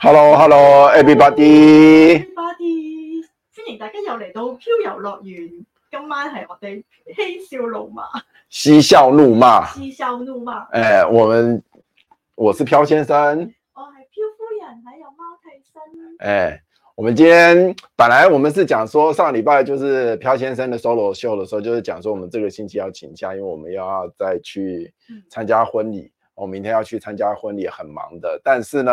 Hello，Hello，everybody！Hello，歡迎大家又來到漂遊樂園。今晚係我哋嬉笑怒罵，嬉笑怒罵，嬉笑怒罵。誒，我們，我是漂先生。我係漂夫人，還有貓替身。誒、哎，我們今天本來我們是講說上禮拜就是漂先生的 solo show 的時候，就是講說我們這個星期要請假，因為我們要再去參加婚禮。嗯、我明天要去參加婚禮，很忙的。但是呢，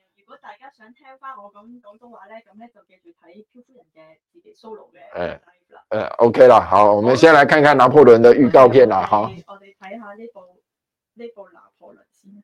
大家想聽翻我講廣東話咧，咁咧就記住睇漂夫人嘅自己 solo 嘅。誒、哎，啦、哎，誒，OK 啦，好，我哋先來看看拿破崙嘅預告片啦。們好，我哋睇下呢部呢部、這個、拿破崙先。